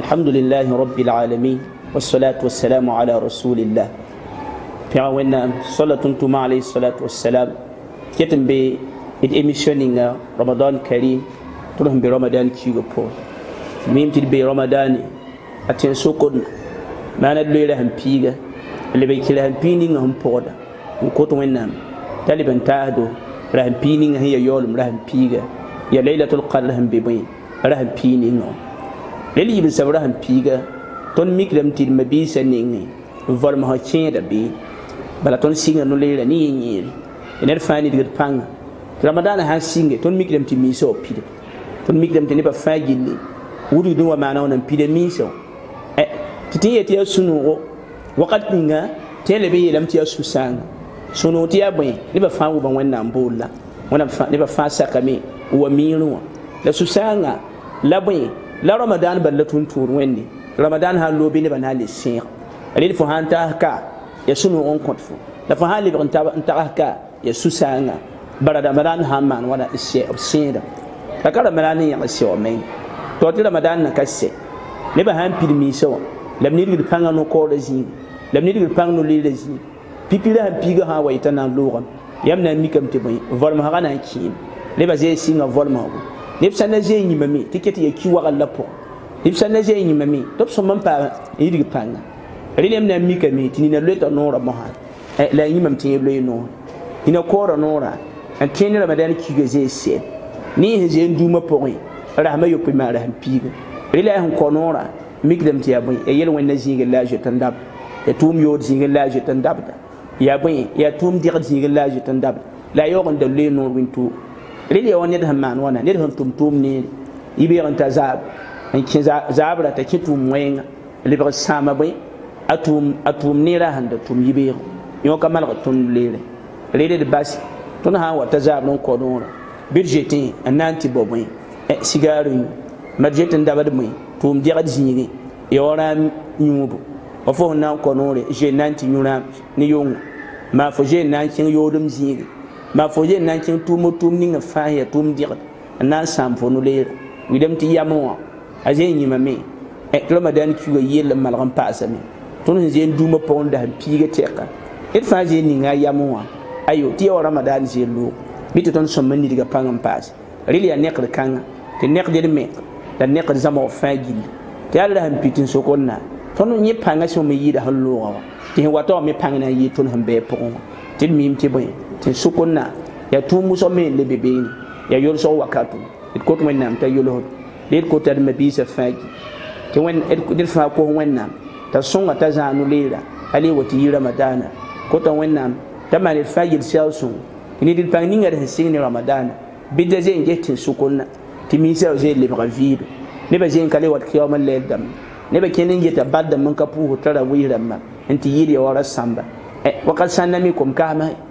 الحمد لله رب العالمين والصلاة والسلام على رسول الله في عوانا صلاة تما عليه الصلاة والسلام كتن بي إد إميشنين رمضان كريم تنهم برمضان كيغو بول ميم تد بي رمضان أتين سوكونا ما ندلو لهم بيغا اللي بي كلهم بينين هم بودا نكوت وينهم تالبان تاهدو رهم بينين هي يولم رهم بيغا يا ليلة القدر هم بيبين رهم بينين le yɩ b zabra piga ton mikram tir mabi d mabiisã ninge n vɔlem sẽn kẽeda bee bala tõnd sɩnga no-leera ne yẽ yẽere ned fãa nidgd pãnga tɩ ramadaanã sã n sɩnge tõnd mikrame tɩ miisã wa pida tõnd mikrame tɩ nebã fãa gilli wudgdẽ wa maana wã nan pida miisã tɩ tɩ n yetɩ yaa sũ-noogo wakat ninga tɩ ya leb n yeelame tɩ yaa sũ-sãanga sũ-noog tɩ yaa bõe nebã fãa wʋba wẽnnaam boolla nebã wa miirẽ la susanga saanga لا رمضان بلتون تور ويني رمضان هالو بيني بنا لسيخ اللي لفو هان تاهكا يسونو اون كنتفو لفو هان لبغن تاهكا يسو سانا برا رمضان هامان وانا اسيه او سيدا يا رمضان يغسي ومين توتي رمضان نكسي لبا هان بيرميسو لم نيرغ دفنغ نو كورزين لم نيرغ دفنغ نو ليرزين بيبي لها بيغا ها ويتنان لوغن يمنا ميكم تبوي فرمها غنان كيم لبا زي سينغ فرمها غنان neb sã na zee yĩma me tɩ ket ya ki wagl la pʋgẽ neb sã na zee yĩma me tɩ b sõm n paa n pãnga rẽlem na n mikame tɩ nina loeta noorã mosã la yĩmam tɩ yeb loe noore nina koora noorã n tẽend ramadan kiga zee sɛd ne sẽn zee dũumã pʋgẽ rasmã yopoe maa rasm piiga rẽla sẽn kõ noorã mikdame tɩ ya bõe ya yel wẽnna zĩigr la a zoet n dabda ya tʋʋm yood zĩigr la a zoet n dabda ya bõe ya tʋʋm degd zĩigr la a zoet n dabda la a yaoog n da loe noor wẽn rɩd wani da ned sẽn ne da ned sẽn tʋm tʋʋm ta zaab n kẽ zaab ta kẽ a tʋʋm neerã da tum yɩ beego yõ ka malg tʋmd leere rɩd d bas ta zaabd n kõ dõora bɩd bo bõe eh, sigaar yũ mad je n dabd bõe tʋʋm ran zĩigẽ wa fo na ma fo yel na n kẽg tʋʋmo tʋʋm ningẽ faas yaa tʋʋm digd n na n sãam fo nuleere widame tɩ yamẽ wã a zẽ n yĩmame ramadan kiuga yell n malg n paasame tõnd sẽn zen dũmã pʋgẽ da n piigã tɛka d fãa zen ninga a yamẽ wã ayo tɩ yaa wa ramadan zelloog bɩ tɩ tõnd sõmb n nidga pãng n paasa rel yaa nekd kãngã tɩ nekd d mẽk la nekd zãmg b fãa gilli tɩ yaa ra sẽn pi tɩ n sokonna tõnd yẽ pãngã sõm n yɩɩda sẽn loogã wã tɩ sẽn wa taoogame pãng na n yɩɩ tõnd sẽn bɩɛ pʋgẽ wã tɩ d miime tɩ bõe tɩ sʋkʋnna ya tũum wʋsg meen le be beene ya yʋlsg wakato d kot wẽnnaam t'a yʋlsd d d kota d mabiisa fãagi tɩ d fãa kos wẽnnaam t'a sõnga t'a zãanu leera a le wa tɩ yɩ ramadaana kota wẽnnaam t'a maan d fãa yel-sɛɛg sõng ned d pãng ninga d sẽn sɩng ne ramadaana bɩda zen ges tɩ sʋkʋnna tɩ miisã zee lebga vɩɩdo nebã zen ka le wat kɩaoom n lɛɛd nebã kẽnd n geta bad dame n ka puusd tara wɩɩs rãmbã n tɩ yɩɩd ya wa ra sãmba eh, wakat sãnna mi kom kaasma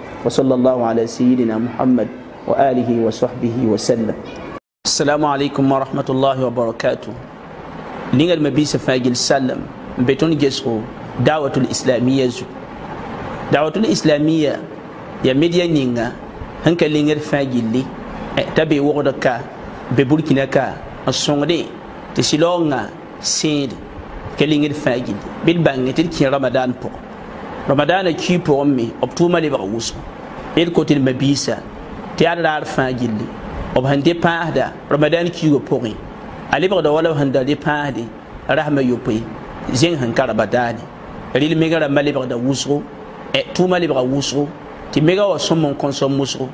وصلى الله على سيدنا محمد وآله وصحبه وسلم السلام عليكم ورحمة الله وبركاته لنجا مبيس فاجل سلم بيتون جسو دعوة الإسلامية زو دعوة الإسلامية يا ميديا نينغا هنك لنجر فاجل لي إيه، تبي وغدكا ببوركيناكا السونغدي تسلونغا سيد كلينغ فاجل بالبانغ تلكي رمضان بو رمضان كي برومي أبتوما لي بغوص إل كوتي المبيسة تيار العرفة جلي أبهندي پاهدا رمضان كي وبوغي ألي بغدا ولو هندا دي پاهدي رحمة يوبي زين هنكار بداني ريل ميغا رمى لي بغدا وصو أبتوما لي بغوص تي ميغا وصمون كونسوم مصو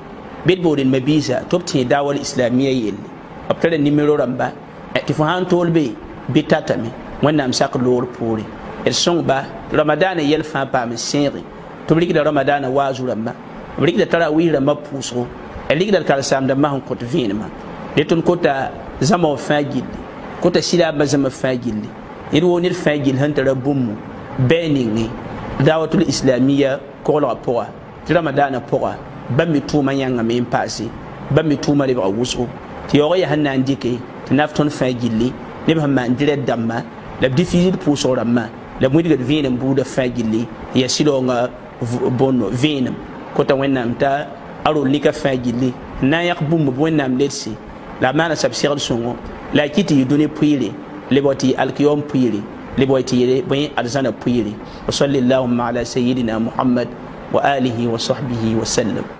بيت بودي المبيسة توب تي داوة الإسلامية يلي أبتالي نميرو رمبا أتفهان تولبي بيتاتامي وانا مساق لور بوري d sõngba ramadaana yɛl fãa paam n sẽege tɩ b rɩkda ramadaana waazu rãmba b rɩkda tarawis rãmbã pʋʋsgo d rɩkda d karsaamda mas n kõt vẽenemã dẽ tõnd kota zãma fãa gilli kota sɩdaambã zãma fãa gilli ned woo ned fãa gill sẽn tara bũmb bɛɛ ninge dawatul islamiya koglga pʋga tɩ ramadaana pʋga bãmb me tʋʋmã yãngame n paase bãmb me tʋʋmã lebga wʋsgo tɩ yaoog yaa sẽn na n dɩke tɩ naf tõnd fãa gilli neb sẽn maan dɩ rɛd dãmbã la b dɩ fiisd pʋʋsg rãmbã la wilgd vẽenem buudã fãa gilli yaa sɩlaoongã bõn vẽenem kota wẽnnaam t'a a rol nika fãa gilli n na n yãk bũmb b wẽnnaam ledse la b maana sab segd sõngo la a kɩt yɩ dũni pʋɩɩre lebg tɩ yɩ alkiyoom pʋɩɩre lebg tɩ yɩ bõe alzãna pʋɩɩre wa sali llahuma ala sayidina mohamad wa alihi wa sahbihi wa sallam